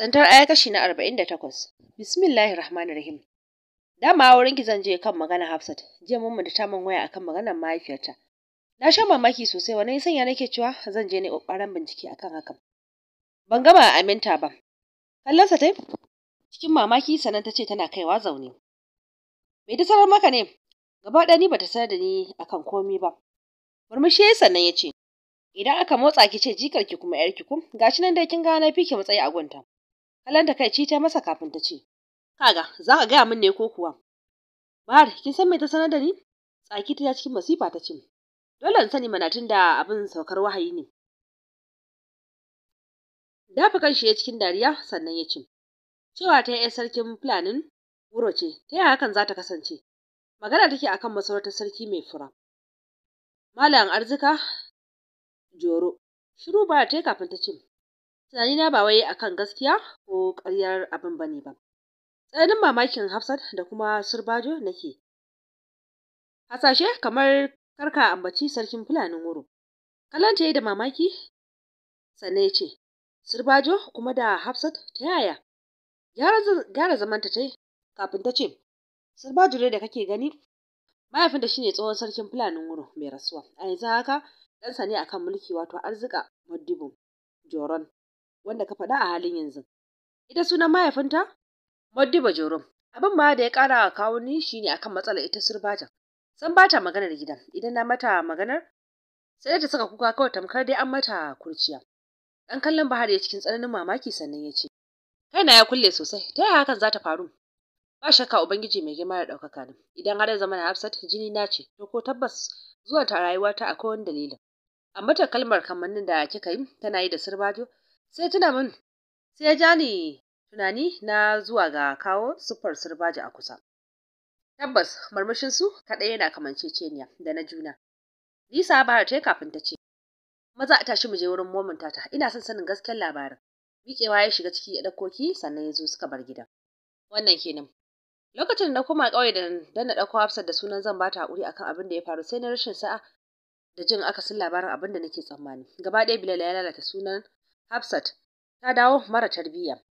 Tsantar aya kashi na arba'in da takwas. Bismillahir Rahmanir Rahim. Dama wurin ki zan je kan magana Hafsat. Jiya mun ta min waya akan maganar mahaifiyarta. Na sha mamaki sosai wani sanya nake cewa zan je ne kokarin bincike akan hakan. Ban gama aminta ba. kallon sa ta cikin mamaki sannan ta ce tana kaiwa zaune. Me ta sanar maka ne? Gaba ɗaya ni bata sanar da ni akan komi ba. Murmushi ya sannan ya ce, Idan aka motsa ki ce jikar ki kuma ‘yarki kum, gashi nan dai kin gane fi ki matsayi a gunta. kallon takaici ta masa kafin ta ce kaga za ka gaya min ne ko kuwa bahar kin san me ta sanar da ni tsaki ta cikin masifa ta ce dole in sani mana tun da abin saukar wahayi ne dafa kan shi ya cikin dariya sannan ya ce cewa ta yi sarkin fulanin wuro ce ta yaya hakan za ta kasance magana take akan masarautar sarki mai fura malam arzika joro shiru ba ta yi kafin ta ce na ba wai akan gaskiya ko ƙaryar abin bane ba tsananin mamakin Hafsat da kuma Surbajo nake hasashe kamar karka ambaci sarkin fulanin wuro kallon ta yi da mamaki sannan ce Surbajo kuma da Hafsat ta yaya gyara zamanta ta kafin ta ce Surbajo ne da kake gani mahaifinta shine tsohon sarkin fulanin wuro mai rasuwa a yanzu haka ɗansa ne akan mulki wato arzika madibu Joran. wanda ka faɗa a halin yanzu ita sunan mahaifinta Modibo Jorum abin ma da ya ƙara kawo ni shine akan matsalar ita surbaja san bata maganar gida idan na mata maganar sai ta saka kuka kawai tamkar dai an mata kurciya ɗan kallon Bahari ya cikin tsananin mamaki sannan ya ce kaina ya kulle sosai ta yaya hakan za ta faru ba shakka ubangiji mai girma da ɗaukaka ne idan har ya zama na hafsat jini na ce to ko tabbas zuwa ta rayuwa ta akwai wani dalilin amma ta kalmar kamannin da kika yi tana yi da surbajo. sai tuna min sai ya ja ni tunani na zuwa ga kawo siffar sirbaji a kusa tabbas marmashinsu su kaɗai yana kamanceceniya da na juna lisa bahar ta kafin ta ce maza a tashi mu je wurin momin ta. ina son sanin gasken labarin miƙewa ya shiga ciki ya ɗauko sannan ya zo suka bar gidan wannan kenan lokacin da na koma ƙauye da dan na ɗauko hafsat da sunan zan bata haƙuri akan abin da ya faru sai na rashin sa'a da jin akasin labarin abin da nake tsammani gaba ɗaya bilal ya lalata sunan Hafsat ta dawo mara tarbiyya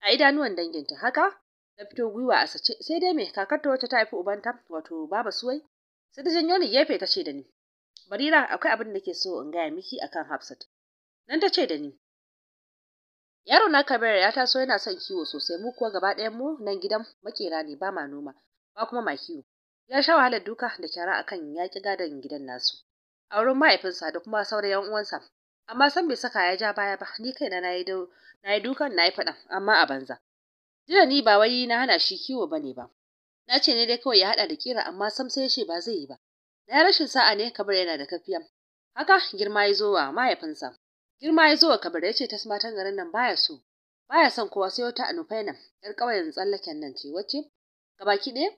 a idanuwan danginta haka ta fito gwiwa a sace sai dai me kakarta wacce ta haifi ubanta wato baba suwai sai ta janyo ni gefe ta ce da ni barira akwai abin da ke so in gaya miki akan Hafsat nan ta ce da ni yaro na kabe ya so yana son kiwo sosai mu kuwa gaba ɗayan mu nan gidan makera ne ba ma noma ba kuma ma kiwo ya sha wahalar duka da kyara akan yaƙi gadon gidan nasu a wurin mahaifinsa da kuma sauran 'yan uwansa amma san bai saka ya ja baya ba ni kaina na yi na yi dukan na yi faɗan amma a banza jiya ni ba wai na hana shi kiwo bane ba na ce ne dai kawai ya haɗa da kira amma sam sai ya ba zai yi ba na yi rashin sa'a ne kabar yana da kafiya haka girma ya zo wa mahaifinsa girma ya zo wa kabar ya ce ta tasmatan garin nan baya so baya son kowa sai wata anufaina yar ƙauyen tsallaken nan ce wacce gabaki ɗaya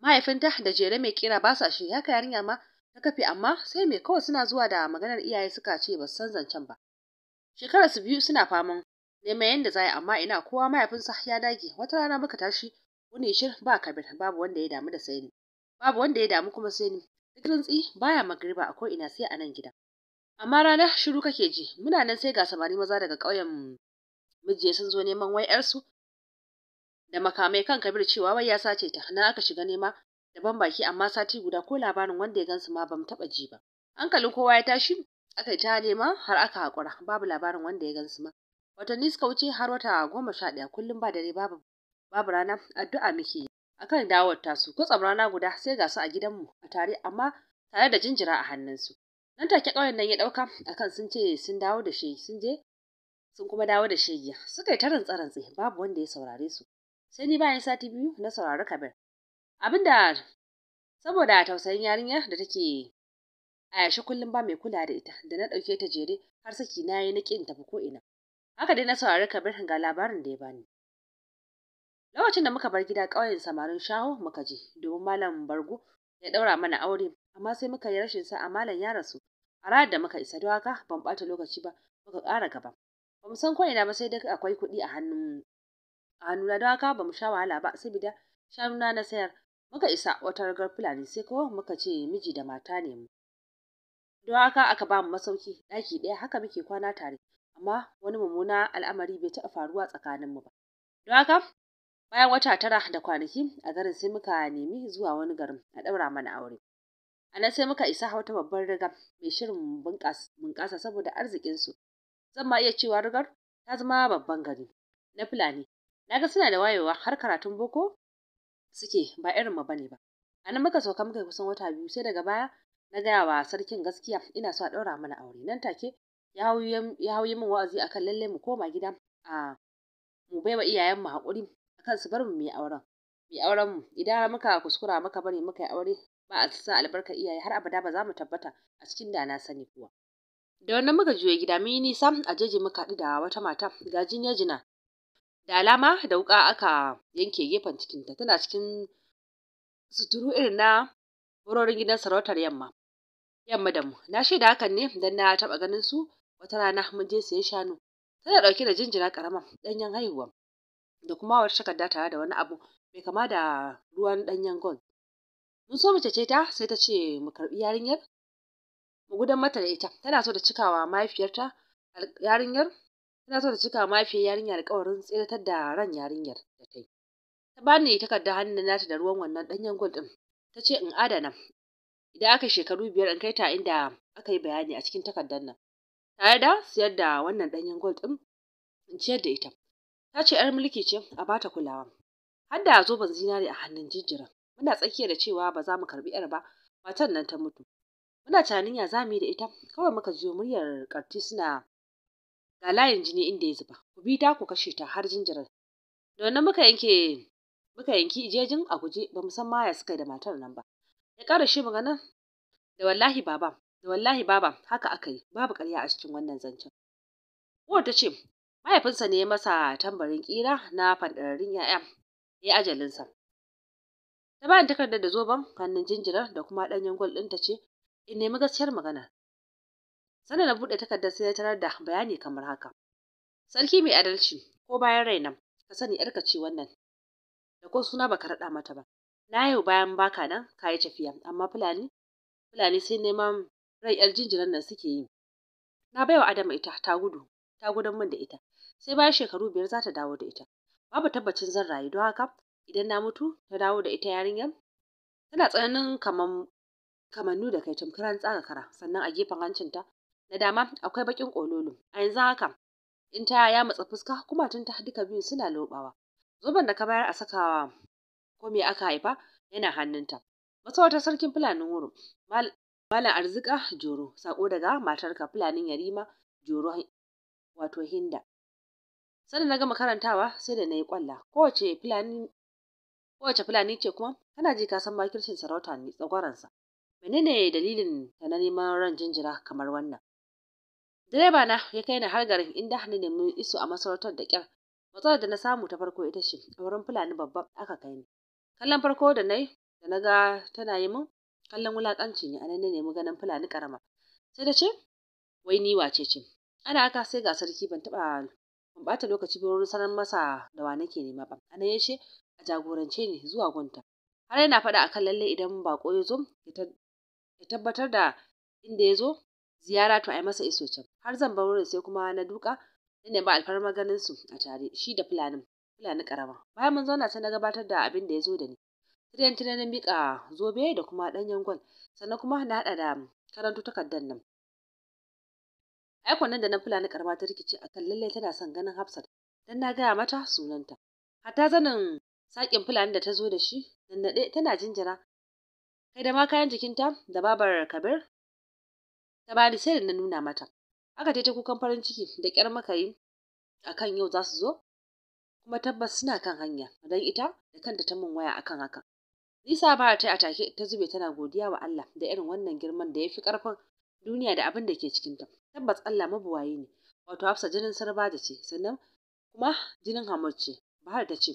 mahaifinta da jere mai kira ba sa shi haka yarinya ma ta kafe amma sai mai kawai suna zuwa da maganar iyaye suka ce ba san zancen ba shekarar su biyu suna faman neman yadda za amma ina kowa mahaifinsa ya dage wata rana muka tashi wani shi ba kabir babu wanda ya damu da sai ni babu wanda ya damu kuma sai ni duk rantsi baya magriba a ko ina sai a nan gida amma rana, shiru kake ji muna nan sai ga samari maza daga ƙauyen mijiye sun zo neman wai yarsu da makamai kan kabir cewa wai ya sace ta na aka shiga nema da ban baki amma sati guda ko labarin wanda ya gansu ma ban taba ji ba hankalin kowa ya tashi aka yi ta nema har aka hakura babu labarin wanda ya gansu ma watanni suka wuce har wata goma sha ɗaya kullum ba dare babu babu rana addu'a muke yi akan dawowar tasu kwatsam rana guda sai ga su a gidanmu a tare amma tare da jinjira a hannunsu nan take ƙauyen nan ya ɗauka akan sun ce sun dawo da shi sun je sun kuma dawo da shegiya suka yi tarin rantse babu wanda ya saurare su sai ni bayan sati biyu na saurari kabir abinda saboda tausayin yarinya da take a yashi kullum ba mai kula da ita da na ɗauke ta jere har saki na yi na kin tafi ko ina haka dai na saurari ka kabir ga labarin da ya bani lokacin da muka bar gida ƙauyen samarin shaho muka je domin malam bargo ya ɗaura mana aure amma sai muka yi rashin a malam ya rasu a ranar da muka isa dawaka ban ɓata lokaci ba muka ƙara gaba ba mu san ko ina ba sai dai akwai kuɗi a hannun a hannuna dawaka ba mu sha wahala ba saboda shanuna na sayar Muka isa wata rigar Fulani sai kawai muka ce miji da mata ne mu. Don haka aka ba mu masauki ɗaki ɗaya haka muke kwana tare amma wani mummuna al'amari bai taɓa faruwa tsakanin mu ba. Don haka bayan wata tara da kwanaki a garin sai muka nemi zuwa wani garin a ɗaura mana aure. A nan sai muka isa wata babbar riga mai shirin bunƙasa saboda arzikin su Zan ma iya cewa rigar ta zama babban gari na Fulani. Na ga suna da wayewa har karatun boko suke ba irin mu bane ba a nan muka sauka muka kusan wata biyu sai daga baya na gaya wa sarkin gaskiya ina so a ɗaura mana aure nan take ya hauyi min wa'azi akan lallai mu koma gida a mu baiwa iyayen mu haƙuri akan su bar mu mai auren mai auren mu idan muka kuskura muka bari muka yi aure ba a sa albarka iyaye har abada ba za mu tabbata a cikin da na sani kuwa da wannan muka juya gida mun yi nisa a jeji muka haɗu da wata mata ga jinya jina da alama da wuƙa aka yanke gefen cikinta tana cikin suturu irin na wurorin gidan sarautar yamma yamma da mu na shaida hakan ne dan na taɓa ganin su wata rana mun je siyan shanu tana ɗauke da jinjina karama ɗanyen haihuwa da kuma wata takarda tare da wani abu mai kama da ruwan ɗanyen gold mun so mace ce ta sai ta ce mu karbi yarinyar mu gudan mata da ita tana so da cikawa mahaifiyarta yarinyar tana so ta cika mafi yarinya alƙawarin tsiratar da ran yarinyar da ta yi ta bani takarda hannun nata da ruwan wannan ɗanyen gwal ɗin ta ce in adana idan aka shekaru biyar in kai ta inda aka yi bayani a cikin takardar nan tare da siyar da wannan ɗanyen gold ɗin in ciyar da ita ta ce yar mulki ce a ba ta kulawa har da zoben zinari a hannun jinjirin muna tsakiyar da cewa ba za mu karɓi yar ba matan nan ta mutu muna tunanin ya za mu yi da ita kawai muka jiyo muryar karti suna ga layin jini inda ya zuba ku bi ta ku kashe ta har jinjirar da wannan muka yanke muka yanki ijejin a guje ba mu san maya suka da matar nan ba ya ƙara shi maganar da wallahi baba da wallahi baba haka aka yi babu ƙarya a cikin wannan zancen uwar ta ce mahaifinsa ne ya masa tambarin kira na fandararin ya'ya ya ajalinsa ta bayan takardar da zoben fannin jinjirar da kuma ɗanyen gwal ɗin ta ce in nemi gaskiyar magana sannan na buɗe takardar sai na tarar da bayani kamar haka sarki mai adalci ko bayan raina ka sani yarka ce wannan da ko suna baka raɗa mata ba na yau bayan baka nan ka yi tafiya amma fulani fulani sai neman rai yar jinjiran nan suke yi na baiwa adama ita ta gudu ta gudan min da ita sai bayan shekaru biyar za ta dawo da ita babu tabbacin zan rayu don haka idan na mutu ta dawo da ita yarinyar tana tsananin kaman kamannu da kai tamkaran tsaga kara sannan a gefen hancinta da dama akwai bakin kololo a yanzu haka in ta ya matsa fuska kuma tun ta duka biyu suna lobawa zoben da ka bayar a sakawa ko me aka haifa yana hannunta masarautar sarkin fulanin wuro malam arzika joro sako daga matarka fulanin yarima joro wato hinda sannan na gama karantawa sai da na yi kwalla kowace fulani kowace fulani ce kuma kana ji ka san makircin sarauta ne tsagwaransa menene dalilin ta na neman ran jinjira kamar wannan direba na ya kai ni har garin inda na nemi iso a masarautar da kyar matsalar da na samu ta farko ita ce a wurin fulani babban aka kai ni kallon farko da na yi da na ga tana yi min kallon wulakanci ne a nan ne mu ganin fulani karama sai da ce wai ni wace ce ana aka sai ga sarki ban taba ban bata lokaci ba wurin sanar masa da wa nake nema ba nan ya ce a jagorance ni zuwa gunta har yana faɗa kan lalle idan baƙo ya zo ya tabbatar da inda ya zo ziyara to a yi masa iso can har zan bar wurin sai kuma na duka na nemi alfarma ganin su a tare shi da fulanin fulani karama bayan mun zauna sai na gabatar da abin da ya zo da ni tiren tiren na mika zobe da kuma ɗanyen gwal sannan kuma na haɗa da karanto takardar nan ai nan da na fulani karama ta rikice a kan lallai tana son ganin hafsat dan na gaya mata sunanta hatta zanin sakin fulani da ta zo da shi nannaɗe tana jinjira kai da ma kayan jikinta da babar kabir ta bani sai da na nuna mata aka ta kukan farin ciki da ƙyar maka yi kan yau za su zo kuma tabbas suna kan hanya don ita da kanta ta mun waya akan haka Nisa ba ta a take ta zube tana godiya wa Allah da irin wannan girman da ya fi ƙarfin duniya da abin da ke cikinta. Tabbas Allah mabuwayi ne, wato Hafsa jinin Sarbaji ce, sannan kuma jinin hamur ce, Bahar ta ce.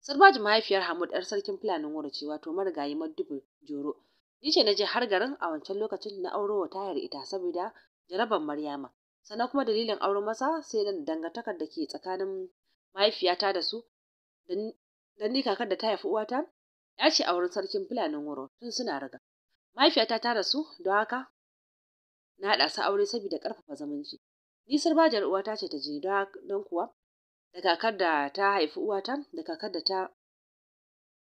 Sarbaji mahaifiyar Hamud ‘yar sarkin Fulanin Wuro ce, wato marigayi madubin, Joro. Ni ce na je har garin a wancan lokacin na auro wa tayar ita saboda jarabar Maryama sannan kuma dalilin auren masa sai dan dangantakar da ke tsakanin mahaifiyata da su dan ni kakar da ta haifi uwata ya ce auren sarkin Fulanin wuro tun suna riga mahaifiyata ta rasu don haka na haɗa su aure saboda ƙarfafa zumunci ni sarbajar uwata ce ta jini don kuwa da kakar da ta haifi uwata da kakar da ta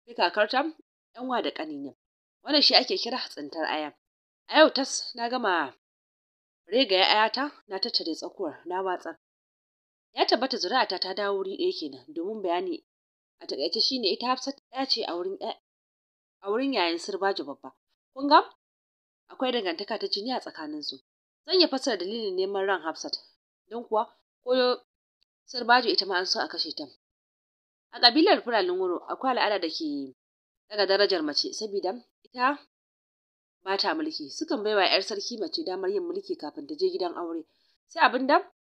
fi kakarta yanwa da ƙanina wannan shi ake kira tsintar aya a yau tas na gama ya 'ya'yata na tattare tsakuwar na watsar ya tabbata zuri'ata ta dawo wuri ɗaya kenan domin bayani a takaice shine ita Hafsat ɗaya ce a wurin yayin Sirbaji babba kun ga akwai dangantaka ta jini a tsakanin su zan iya fassara dalilin neman ran Hafsat don kuwa ko Sirbaji ita ma an so a kashe ta a kabilar furalin Wuro akwai al'ada da ke daga darajar mace saboda ita Mata mulki sukan bai wa 'yar sarki mace damar yin mulki kafin ta je gidan aure sai abin da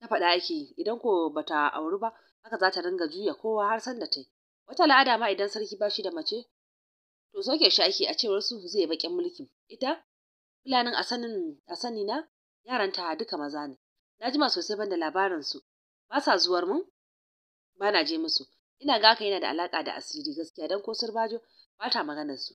ta faɗa ake idan ko bata auri ba haka za ta ringa juya kowa har san da ta yi wata al'ada ma idan sarki ba shi da mace to soke shi ake a cewar su zai baƙin mulki ita fulanin a sani na yaranta duka maza ne na jima sosai banda labarin su ba sa zuwar mun ba na je musu ina ga yana da alaka da asiri gaskiya dan ko sirbajo ba ta maganar su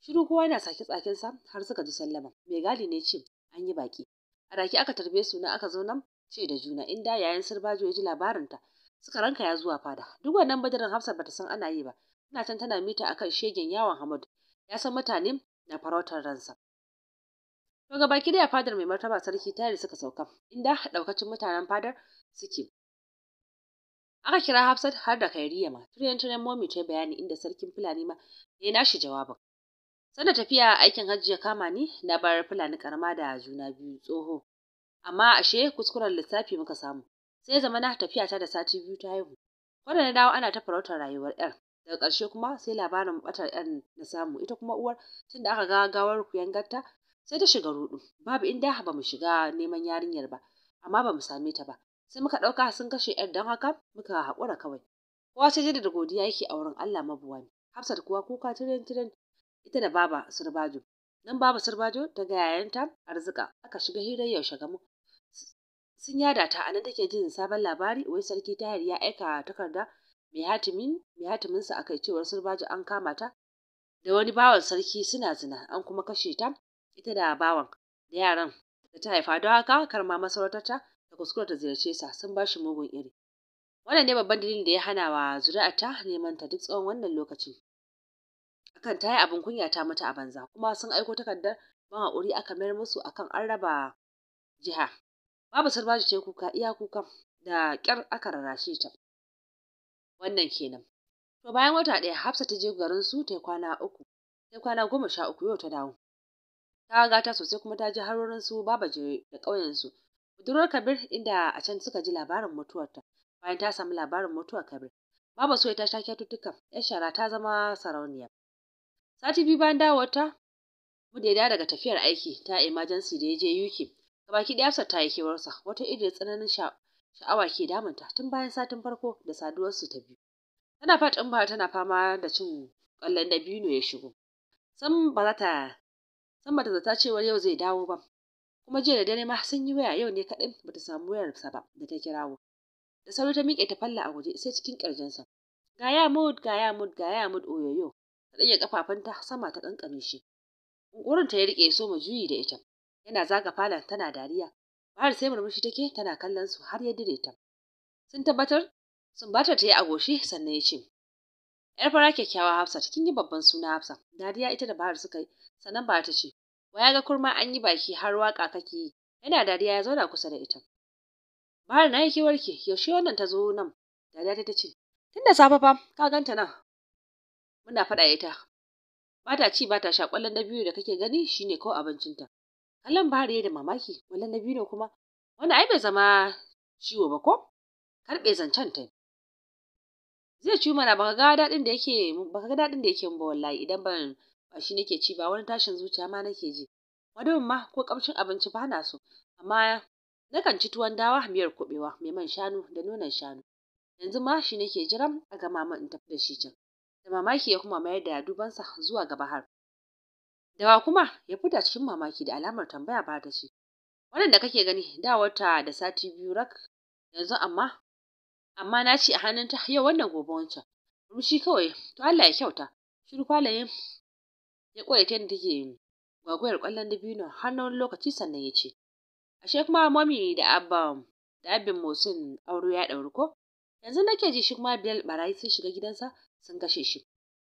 shiru kowa yana sake sa har suka ji sallama mai gadi ne ce an yi baki a raki aka tarbe su na aka zauna ce da juna inda yayin sirbajo ya ji labarin ta suka ranka ya zuwa fada duk wannan badarin hafsat bata san ana yi ba tana can tana mita akan shegen yawon hamad ya san mutane na farautar ransa to ga baki da fadar mai martaba sarki tare suka sauka inda daukacin mutanen fadar suke aka kira hafsat har da kairiya ma Turiyan momi ta bayani inda sarkin fulani ma ya nashi jawabin Sanda tafiya aikin hajji ya kama ni na bayar fulani karama da juna biyu tsoho. Amma ashe kuskuren lissafi muka samu. Sai zama na tafiya ta da sati biyu ta haihu. Wanda na dawo ana ta farautar rayuwar 'yar. Daga ƙarshe kuma sai labarin batar 'yan na samu ita kuma uwar tun da aka ga gawar kuyangarta sai ta shiga rudu. Babu inda ba mu shiga neman yarinyar ba amma ba mu same ta ba. Sai muka ɗauka sun kashe 'yar dan haka muka haƙura kawai. Kowa sai da godiya yake a wurin Allah mabuwa ne. Hafsat kuwa kuka tiren tiren ita da baba sirbajo nan baba sirbajo ta ga yayanta arzika aka shiga hirar yaushe gamu sun yada ta anan take jin sabon labari wai sarki tahir ya aika takarda mai hatimin mai hatimin sa akai cewar sirbajo an kama ta da wani bawan sarki suna zina an kuma kashe ta ita da bawan da yaran da ta haifa don haka karma masarautar ta da kuskure ta ziyarce sa sun bashi mugun iri wannan ne babban dalilin da ya hana wa ta neman ta duk tsawon wannan lokacin akan ta yi abin kunya ta mata a banza kuma sun aiko takardar ban haƙuri aka mayar musu akan an raba jiha babu sarbaji ce kuka iya kuka da ƙyar aka rarashe ta wannan kenan to bayan wata ɗaya hafsa ta je garin su ta kwana uku ta kwana goma sha uku yau ta dawo ta gata sosai kuma ta ji harorin su babaje da ƙauyen su budurwar kabir inda a can suka ji labarin mutuwarta bayan ta samu labarin mutuwar kabir baba soya ta sha kyaututtuka yar shara ta zama sarauniya Sati biyu bayan dawowarta, muda ya daga tafiyar aiki ta emergency da ya je UK. Gabaki ɗaya sa ta yi kewarsa, wata irin tsananin sha'awa ke damunta tun bayan satin farko da saduwarsu ta biyu. Tana faɗin ba tana fama da cin ƙwallon dabino ya shigo. San ba za ta san zata cewar yau zai dawo ba. Kuma jiya da dare ma sun yi waya yau ne kaɗai bata samu wayarsa ba da ta kirawo. Da sauri ta miƙe ta falla a guje sai cikin ƙirjinsa. Ga ya mud ga ya mud ga ya mud oyoyo rage kafafunta sama ta kankame shi ungurin ta ya rike so ma juyi da ita yana zaga falon tana dariya bahar sai murmushi take tana kallon su har ya dire ta sun tabbatar sun bata ta yi agoshi sannan ya ce yar fara kyakkyawa hafsat kin yi babban suna hafsa dariya ita da bahar suka yi sannan bahar ta ce wa ya ga kurma an yi baki har waka kake yi yana dariya ya zauna kusa da ita bahar na yi ke. yaushe wannan ta zo nan dariya ta ce tun da safe fa ka ganta nan muna faɗa ita ba ta ci ba sha ƙwallon na biyu da kake gani shine ko abincinta kallon bahari da mamaki ƙwallon na biyu kuma wani ai bai zama ciwo ba ko karɓe zancen ta zai ci mana baka ga daɗin da yake baka ga daɗin da yake ba wallahi idan ban ba shi nake ci ba wani tashin zuciya ma nake ji madawin ma ko kamshin abinci ba na so amma na kan ci tuwon dawa miyar kuɓewa mai man shanu da nonon shanu yanzu ma shi nake jiran a gama man in tafi da shi can da mamaki ya kuma mayar da dubansa zuwa ga bahar dawa kuma ya fita cikin mamaki da alamar tambaya ba ta ce wannan da kake gani da wata da sati biyu rak yanzu amma amma na ce a hannunta yau wannan gobe wancan rushi kawai to Allah ya kyauta shiru kwalaye ya koya ta yadda take gwagwayar kwallon dabino har na wani lokaci sannan ya ce ashe kuma mami da abba da abin motsin aure ya ɗauri ko yanzu nake ji shi kuma bilal barayi sun shiga gidansa sun kashe shi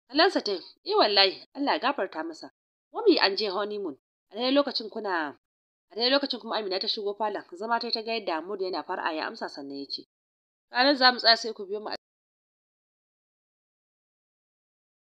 kallonsa ta eh wallahi Allah ya gafarta masa wami an je honeymoon a dai lokacin kuna a dai lokacin kuma Amina ta shigo falon zama ta ta ga yadda Amudu yana far'a ya amsa sannan ya ce ranar za mu tsaya sai ku biyo mu a